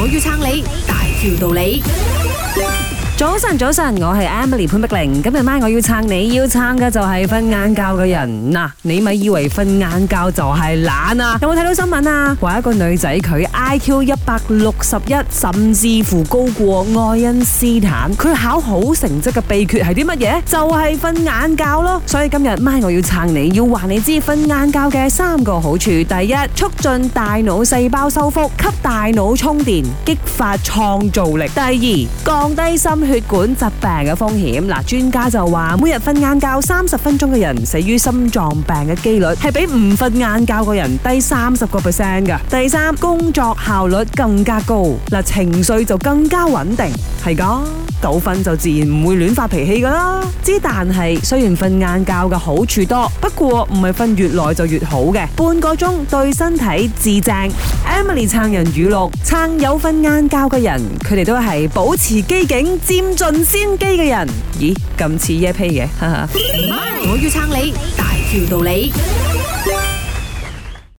我要撐你，大條道理。早晨，早晨，我係 Emily 潘碧玲。今日晚我要撐、啊，你要撐嘅就係瞓晏覺嘅人嗱。你咪以為瞓晏覺就係懶啊？有冇睇到新聞啊？話一個女仔佢 IQ 一百六十一，1, 甚至乎高過愛因斯坦。佢考好成績嘅秘訣係啲乜嘢？就係、是、瞓晏覺咯。所以今日晚我要撐，要你要話你知瞓晏覺嘅三個好處：第一，促進大腦細胞修復，給大腦充電，激發創造力；第二，降低心。血管疾病嘅風險嗱、啊，專家就話每日瞓晏覺三十分鐘嘅人，死於心臟病嘅幾率係比唔瞓晏覺嘅人低三十個 percent 噶。第三，工作效率更加高，嗱、啊、情緒就更加穩定，係噶，夠瞓就自然唔會亂發脾氣噶啦。之但係雖然瞓晏覺嘅好處多，不過唔係瞓越耐就越好嘅，半個鐘對身體至正。Family 撐人語錄，撐有瞓晏覺嘅人，佢哋都係保持機警、佔盡先機嘅人。咦，咁似 e p 嘅，哈哈。我要撐你，大條道理。